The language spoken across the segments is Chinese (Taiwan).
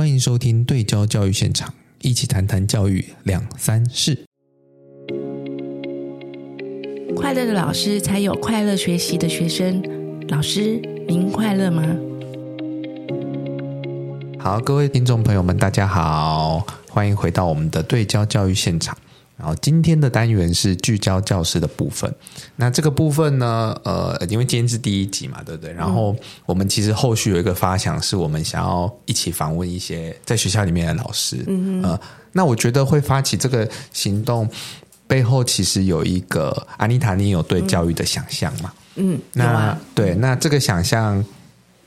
歡迎收聽《對焦教育現場》，一起談談教育兩三事。快樂的老師才有快樂學習的學生。老師，您快樂嗎？好，各位聽眾朋友們，大家好，歡迎回到我們的《對焦教育現場》。然後今天的單元是聚焦教師的部分，那這個部分呢？呃，因為今天是第一集嘛，對不對？然後我們其實後續有一個發想，是我們想要一起訪問一些在學校裡面的老師，嗯嗯哼、呃，那我覺得會發起這個行動背後其實有一個安妮塔，你有對教育的想象嘛。嗯，嗯那嗎對，那這個想象。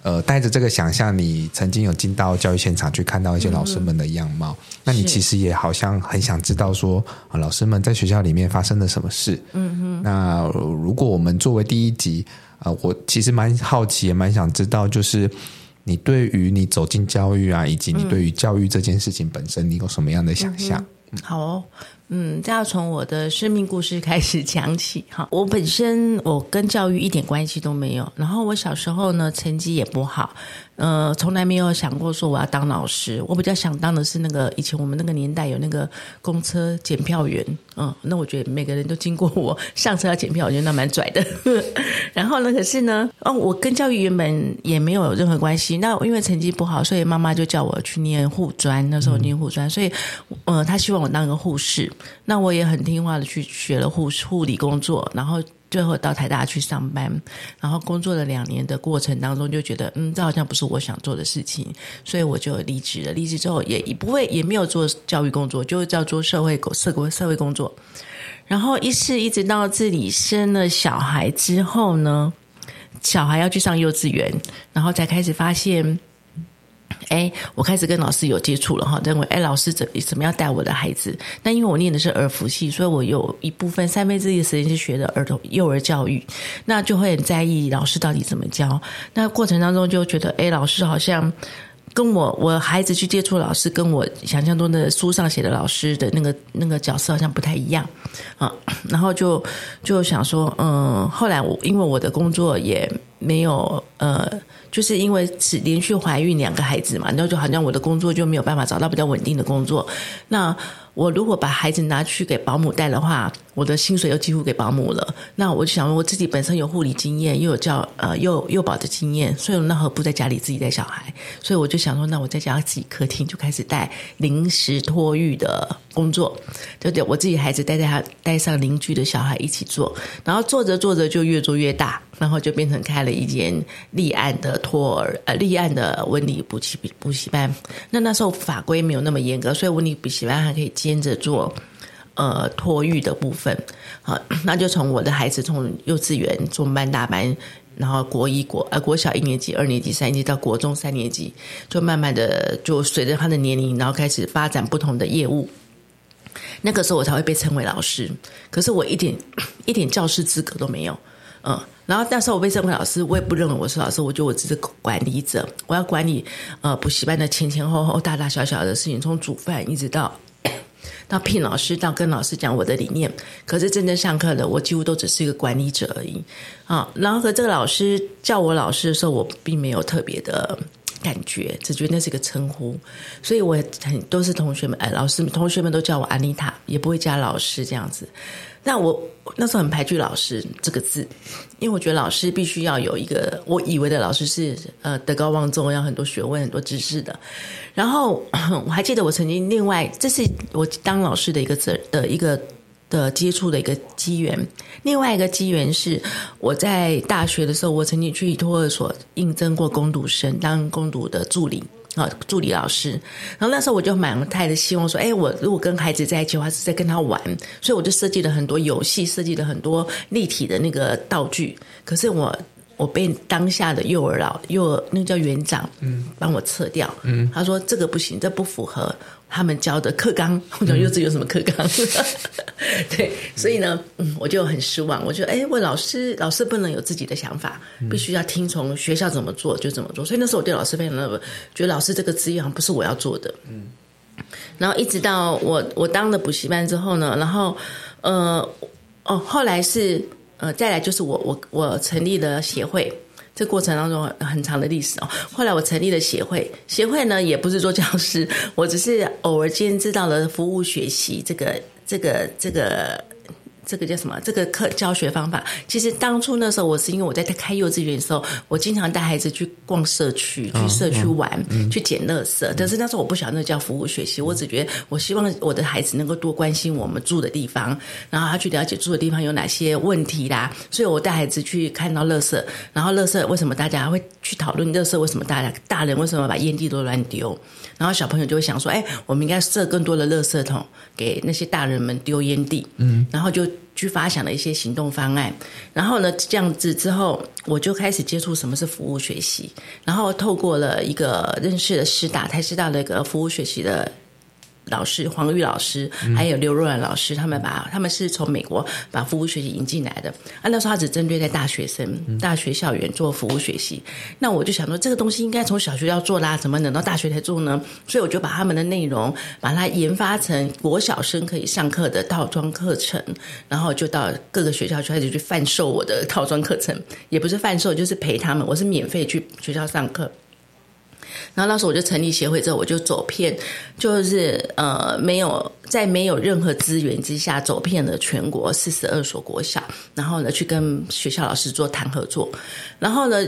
呃，帶着這個想象，你曾經有進到教育現場去看到一些老師們的樣貌，嗯、哼那你其實也好像很想知道說是、啊，老師們在學校裡面發生了什麼事？嗯嗯哼。那如果我們作為第一集呃，我其實蠻好奇，也蠻想知道，就是你對於你走進教育啊，以及你對於教育這件事情本身，嗯、你有什麼樣的想象、嗯？好、哦。嗯，這要從我的生命故事開始講起哈。我本身我跟教育一點關係都沒有，然後我小時候呢成績也不好，呃，從來沒有想過說我要當老師。我比較想當的是那個以前我們那個年代有那個公車檢票員，嗯，那我覺得每個人都經過我上車要檢票，我覺得那蠻拽的。 然後呢，可是呢，哦，我跟教育原本也沒有任何關係。那因為成績不好，所以媽媽就叫我去念護專。那時候念護專，嗯、所以呃，她希望我當一個護士。那我也很聽話的去學了護護理工作，然後最後到台大去上班，然後工作了兩年的過程當中，就覺得嗯，這好像不是我想做的事情，所以我就離職了。離職之後也也不會也沒有做教育工作，就叫做社會社工社會工作。然後一次，一直到自己生了小孩之後呢，小孩要去上幼稚園，然後才開始發現。誒，我開始跟老師有接觸了哈，認為誒，老師怎麼怎麼樣帶我的孩子？那因為我念的是兒福系，所以我有一部分三分之一的時間去學的兒童幼兒教育，那就會很在意老師到底怎麼教。那過程當中就覺得，誒，老師好像跟我我孩子去接觸老師，跟我想象中的書上寫的老師的那個那個角色好像不太一樣啊。然後就就想說，嗯，後來我因為我的工作也。沒有呃，就是因為是連續懷孕兩個孩子嘛，然後就好像我的工作就沒有辦法找到比較穩定的工作。那我如果把孩子拿去給保姆帶的話，我的薪水又幾乎給保姆了。那我就想說，我自己本身有護理經驗，又有教呃幼幼保的經驗，所以我那何不在家裡自己帶小孩？所以我就想說，那我在家自己客廳就開始帶臨時托育的工作，就我自己孩子帶著他，帶上鄰居的小孩一起做，然後做着做着就越做越大，然後就變成開了。一間立案的托兒呃，立案的文理補習補習班。那那時候法規沒有那麼嚴格，所以文理補習班還可以兼着做呃托育的部分。好、呃，那就從我的孩子從幼稚園中班大班，然後國一國呃國小一年級、二年級、三年級到國中三年級，就慢慢的就隨着他的年齡，然後開始發展不同的業務。那個時候我才會被稱為老師，可是我一點一點教師資格都沒有，嗯、呃。然後那時候我被稱為老師，我也不認為我是老師，我覺得我只是管理者，我要管理呃補習班的前前後後大大小小的事情，從煮飯一直到到聘老師，到跟老師講我的理念。可是真正上課的，我幾乎都只是一個管理者而已。啊，然後和這個老師叫我老師的時候，我並沒有特別的感覺，只覺得那是一個稱呼。所以我很都是同學們哎、呃，老師同學們都叫我安妮塔，也不會加老師這樣子。那我那時候很排斥“老師”這個字，因為我覺得老師必須要有一個我以為的老師是呃德高望重，要很多學問、很多知識的。然後我還記得我曾經另外，這是我當老師的一個的、一個的接觸的一個機緣。另外一個機緣是我在大學的時候，我曾經去托兒所應徵過工讀生，當工讀的助理。啊，助理老師，然後那時候我就滿太的希望說，哎、欸，我如果跟孩子在一起的話，我是在跟他玩，所以我就設計了很多遊戲，設計了很多立體的那個道具，可是我。我被當下的幼兒老幼兒那個、叫園長，嗯，幫我撤掉，嗯，他說這個不行，這不符合他們教的課綱。嗯、我講幼稚園有什麼課綱？ 對，嗯、所以呢，嗯，我就很失望。我覺得，哎、欸，我老師，老師不能有自己的想法，嗯、必須要聽從學校怎麼做就怎麼做。所以那時候我對老師非常的，覺得老師這個職業好像不是我要做的。嗯，然後一直到我我當了補習班之後呢，然後，呃，哦，後來是。呃，再來就是我我我成立了協會，這過程當中很長的歷史哦。後來我成立了協會，協會呢也不是做教師，我只是偶爾間知道了服務學習這個這個這個。這個這個這個叫什麼？這個課教學方法，其實當初那時候，我是因為我在開幼稚園的時候，我經常帶孩子去逛社區，去社區玩，哦嗯、去撿垃圾。但是那時候我不曉得那叫服務學習，嗯、我只覺得我希望我的孩子能夠多關心我們住的地方，然後他去了解住的地方有哪些問題啦。所以我帶孩子去看到垃圾，然後垃圾為什麼大家會去討論垃圾？為什麼大家大人為什麼把煙蒂都亂丟？然後小朋友就會想說：“哎，我們應該設更多的垃圾桶給那些大人們丟煙蒂。”嗯，然後就。去發想了一些行動方案，然後呢，這樣子之後，我就開始接觸什麼是服務學習，然後透過了一個認識的師大，才知道那個服務學習的。老師黃玉老師，還有劉若蘭老師，他們把他們是從美國把服務學習引進來的。按、啊、那時候，他只針對在大學生、大學校園做服務學習。那我就想說，這個東西應該從小學要做啦，怎麼能到大學才做呢？所以我就把他們的內容把它研發成國小生可以上課的套裝課程，然後就到各個學校去開始去販售我的套裝課程。也不是販售，就是陪他們，我是免費去學校上課。然後那時候我就成立協會之後，我就走遍，就是呃，沒有在沒有任何資源之下走遍了全國四十二所國小，然後呢，去跟學校老師做談合作，然後呢。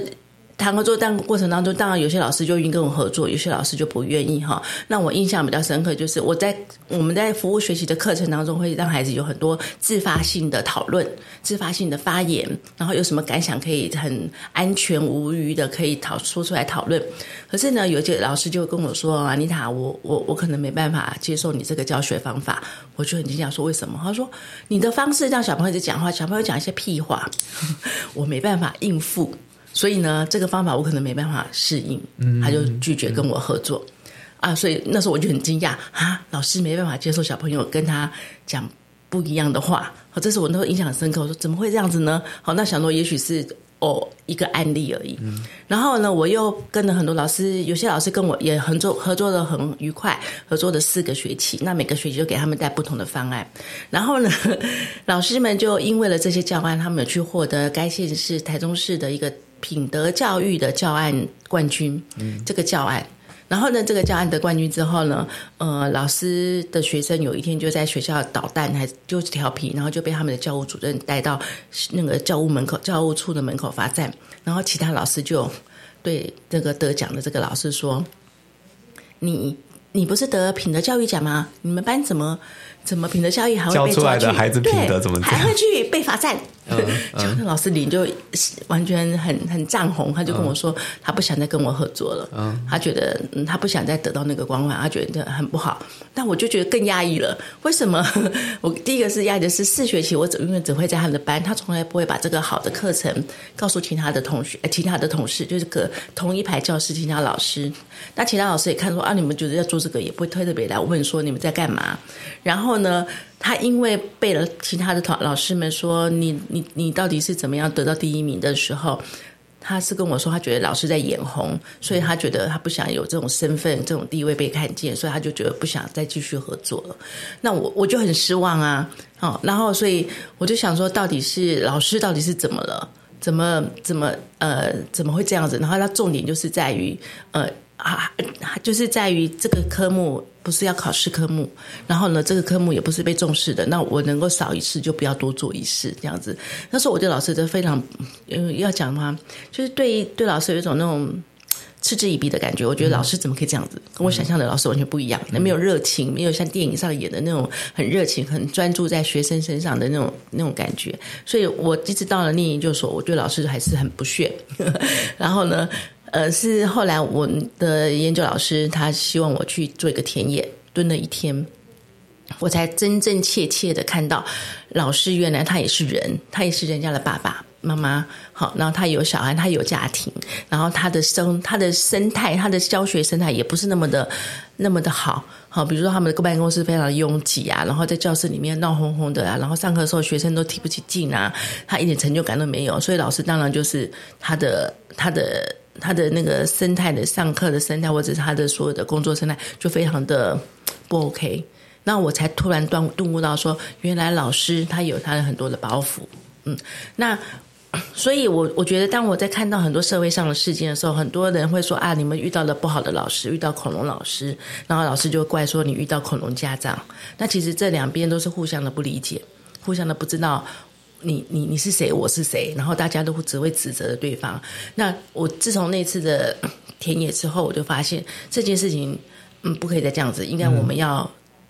談合作，當過程當中，當然有些老師就已經跟我合作，有些老師就不願意哈。那我印象比較深刻，就是我在我們在服務學習的課程當中，會讓孩子有很多自發性的討論、自發性的發言，然後有什麼感想可以很安全無虞的可以討說出來討論。可是呢，有一些老師就跟我說：“Anita，我我我可能沒辦法接受你這個教學方法。”我就很驚訝，說：“為什麼？”他說：“你的方式讓小朋友在講話，小朋友講一些屁話， 我沒辦法應付。”所以呢，這個方法我可能沒辦法適應，他就拒絕跟我合作，嗯嗯、啊。所以那時候我就很驚訝啊，老師沒辦法接受小朋友跟他講不一樣的話。好，這是我那會印象很深刻，我說怎麼會這樣子呢？好，那小諾也許是哦一個案例而已。嗯、然後呢，我又跟了很多老師，有些老師跟我也合作，合作的很愉快，合作了四個學期。那每個學期就給他們帶不同的方案。然後呢，老師們就因為了這些教案，他們有去獲得該縣市、台中市的一個。品德教育的教案冠軍，嗯、這個教案，然後呢，這個教案得冠軍之後呢，呃，老師的學生有一天就在學校搗蛋，還就是調皮，然後就被他們的教務主任帶到那個教務門口、教務處的門口罰站，然後其他老師就對這個得獎的這個老師說：“你你不是得品德教育獎嗎？你們班怎麼？”怎麼品德教育還會被抓去教出來的孩子品德對怎麼還會去被罰站？教課、嗯嗯、 老師臉就完全很很漲紅，他就跟我說他不想再跟我合作了。嗯、他覺得他不想再得到那個光環，他覺得很不好。但我就覺得更壓抑了。為什麼？我第一個是壓抑的是四學期我只永遠只會在他們的班，他從來不會把這個好的課程告訴其他的同學、其他的同事，就是個同一排教室其他老師。那其他老師也看說啊，你們覺得要做這個，也不會推特別來。我問你說，你們在幹嘛？然後。然後呢，他因為被了其他的老師們說，你你你到底是怎麼樣得到第一名的時候，他是跟我說他覺得老師在眼紅，所以他覺得他不想有這種身份、這種地位被看見，所以他就覺得不想再繼續合作了。那我我就很失望啊！哦，然後所以我就想說，到底是老師到底是怎麼了？怎麼怎麼呃怎麼會這樣子？然後他重點就是在於呃啊，就是在於這個科目。不是要考試科目，然後呢，這個科目也不是被重視的。那我能夠少一次就不要多做一次這樣子。那時候我覺得老師都非常、嗯，要講的話，就是對對老師有一種那種嗤之以鼻的感覺。我覺得老師怎麼可以這樣子，跟、嗯、我想象的老師完全不一樣，嗯、沒有熱情，沒有像電影上演的那種很熱情、很專注在學生身上的那種那種感覺。所以我一直到了那一，就說我對老師還是很不屑。呵呵，然後呢？呃，是後來我的研究老師他希望我去做一個田野，蹲了一天，我才真真切切的看到老師原來他也是人，他也是人家的爸爸媽媽，好，然後他有小孩，他有家庭，然後他的生他的生態，他的教學生態也不是那麼的那麼的好，好，比如說他們的辦公室非常的擁擠啊，然後在教室裡面鬧哄哄的啊，然後上課的時候學生都提不起勁啊，他一點成就感都沒有，所以老師當然就是他的他的。他的那個生態的上課的生態，或者是他的所有的工作生態，就非常的不 OK。那我才突然頓頓悟到，說原來老師他有他的很多的包袱。嗯，那所以我，我我覺得，當我在看到很多社會上的事件的時候，很多人會說啊，你們遇到了不好的老師，遇到恐龍老師，然後老師就怪說你遇到恐龍家長。那其實這兩邊都是互相的不理解，互相的不知道。你你你是誰？我是誰？然後大家都只會指責對方。那我自從那次的田野之後，我就發現這件事情，嗯，不可以再這樣子。應該我們要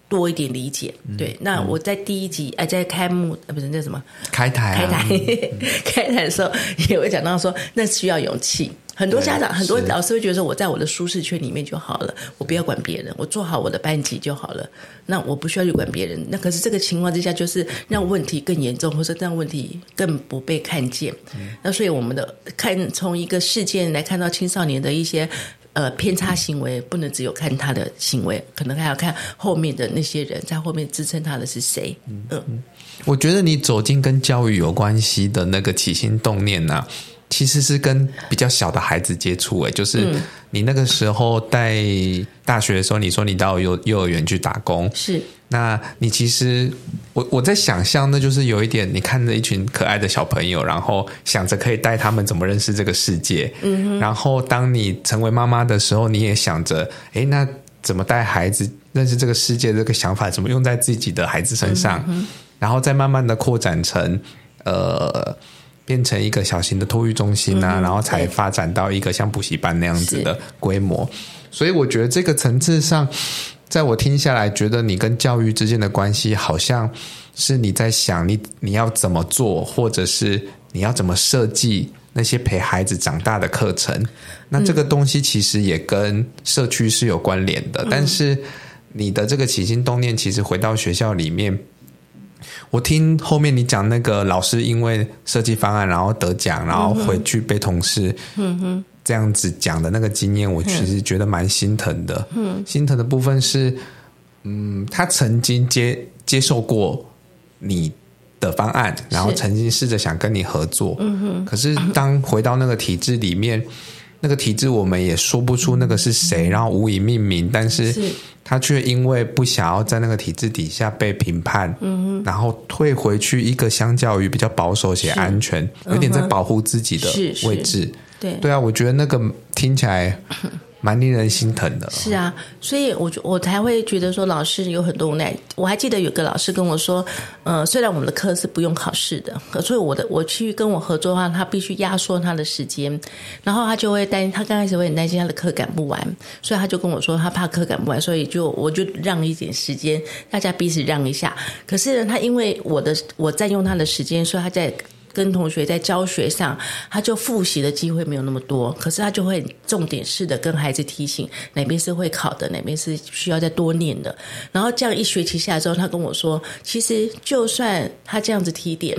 多一點理解。嗯、對，那我在第一集，哎、呃，在開幕，呃，不是那什麼，開台，啊、開台，開台、啊，嗯、 開台的時候也會講到說，那需要勇氣。很多家長、對很多老師會覺得，我在我的舒適圈裡面就好了，是我不要管別人，我做好我的班級就好了。那我不需要去管別人。那可是這個情況之下，就是讓問題更嚴重，嗯、或者讓問題更不被看見。嗯、那所以我們的看，從一個事件來看到青少年的一些呃偏差行為，嗯、不能只有看他的行為，可能還要看後面的那些人在後面支撐他的是誰。嗯，嗯我覺得你走進跟教育有關係的那個起心動念吶、啊。其實是跟比較小的孩子接觸，欸，哎，就是你那個時候帶大學的時候，你說你到幼幼兒園去打工，是。那你其實，我我在想象，那就是有一點，你看着一群可愛的小朋友，然後想着可以帶他們怎麼認識這個世界。嗯哼。然後，當你成為媽媽的時候，你也想着，哎，那怎麼帶孩子認識這個世界的這個想法怎麼用在自己的孩子身上，嗯哼，然後再慢慢的擴展成，呃。變成一個小型的托育中心啊，嗯、然後才發展到一個像補習班那樣子的規模。是所以我覺得這個層次上，在我聽下來，覺得你跟教育之間的關係，好像是你在想你你要怎麼做，或者是你要怎麼設計那些陪孩子長大的課程。那這個東西其實也跟社區是有關聯的，嗯、但是你的這個起心動念，其實回到學校裡面。我聽後面你講那個老師，因為設計方案然後得獎，然後回去被同事，嗯哼，這樣子講的那個經驗，我其實覺得蠻心疼的。嗯，心疼的部分是，嗯，他曾經接，接受過你的方案，然後曾經試着想跟你合作，嗯哼，可是當回到那個體制裡面。那個體制，我們也說不出那個是誰，嗯、然後無以命名，嗯、但是他卻因為不想要在那個體制底下被評判，嗯、哼然後退回去一個相較於比較保守且安全，是有點在保護自己的位置，嗯、是是對，對啊，我覺得那個聽起來。蠻令人心疼的。是啊，所以我我才會覺得說老師有很多無奈。我還記得有個老師跟我說，呃，雖然我們的課是不用考試的，可所以我的我去跟我合作的話，他必須壓縮他的時間，然後他就會擔，他剛開始會很擔心他的課趕不完，所以他就跟我說，他怕課趕不完，所以就我就讓一點時間，大家彼此讓一下。可是呢，他因為我的我佔用他的時間，所以他在。跟同學在教學上，他就複習的機會沒有那麼多，可是他就會重點式的跟孩子提醒，哪邊是會考的，哪邊是需要再多念的。然後這樣一學期下來之後，他跟我說，其實就算他這樣子提點，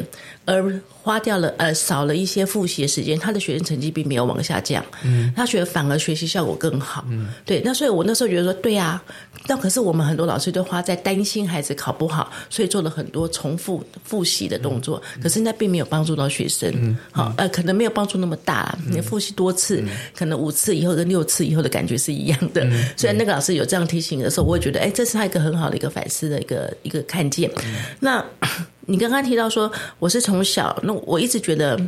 而。花掉了，呃，少了一些複習的時間，他的學生成績並沒有往下降，嗯、他覺得反而學習效果更好。嗯、對，那所以我那時候覺得說，對啊，那可是我們很多老師都花在擔心孩子考不好，所以做了很多重複複習的動作，嗯嗯、可是那並沒有幫助到學生。好、嗯嗯哦，呃，可能沒有幫助那麼大，你、嗯、複習多次，嗯、可能五次以後跟六次以後的感覺是一樣的。雖然、嗯嗯、那個老師有這樣提醒的時候，我也覺得，哎，這是他一個很好的一個反思的一個一個看見。嗯嗯、那。你剛剛提到說，我是從小，那我一直覺得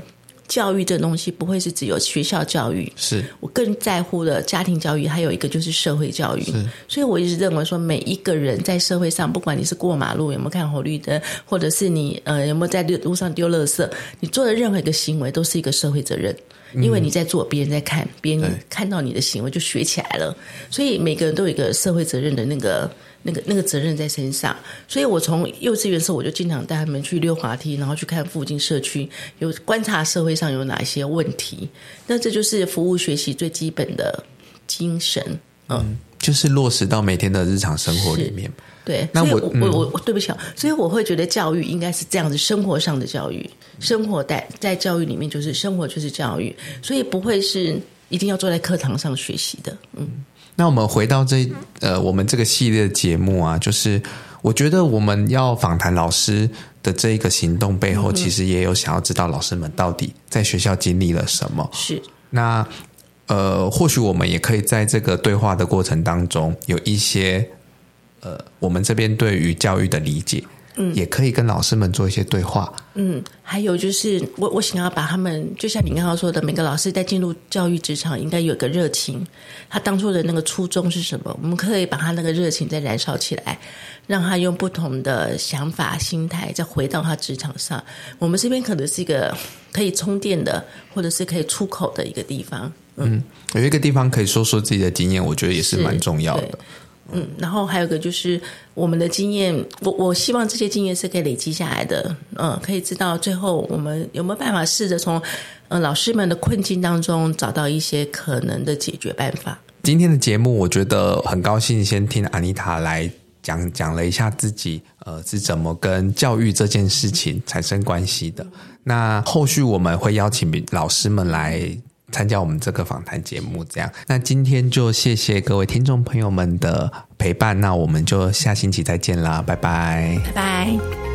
教育這東西不會是只有學校教育，是我更在乎的家庭教育，還有一個就是社會教育。是所以我一直認為說，每一個人在社會上，不管你是過馬路有沒有看紅綠燈，或者是你呃有沒有在路上丟垃圾，你做的任何一個行為都是一個社會責任。因為你在做，別人在看，別人看到你的行為就學起來了。嗯、所以每個人都有一個社會責任的那個、那個、那個責任在身上。所以我從幼稚園的時候，我就經常帶他們去溜滑梯，然後去看附近社區，有觀察社會上有哪些問題。那這就是服務學習最基本的精神。嗯。就是落實到每天的日常生活裡面。對，那我我我，我，我，對不起啊，所以我會覺得教育應該是這樣子，生活上的教育，生活在在教育裡面，就是生活就是教育，所以不會是一定要坐在課堂上學習的。嗯，那我們回到這呃，我們這個系列的節目啊，就是我覺得我們要訪談老師的這一個行動背後，其實也有想要知道老師們到底在學校經歷了什麼。是那。呃，或許我們也可以在這個對話的過程當中有一些，呃，我們這邊對於教育的理解。嗯，也可以跟老師們做一些對話。嗯，還有就是，我我想要把他們，就像你剛剛說的，嗯，每個老師在進入教育職場，應該有一個熱情，他當初的那個初衷是什麼？我們可以把他那個熱情再燃燒起來，讓他用不同的想法、心態再回到他職場上。我們這邊可能是一個可以充電的，或者是可以出口的一個地方。嗯，嗯，有一個地方可以說說自己的經驗，我覺得也是蠻重要的。嗯，然後還有個就是我們的經驗，我我希望這些經驗是可以累積下來的，嗯，可以知道最後我們有沒有辦法試着從嗯、呃、老師們的困境當中找到一些可能的解決辦法。今天的節目我覺得很高興，先聽 Anita 來講講了一下自己呃是怎麼跟教育這件事情產生關係的。那後續我們會邀請老師們來。參加我們這個訪談節目，這樣。那今天就謝謝各位聽眾朋友們的陪伴，那我們就下星期再見啦，拜拜，拜拜。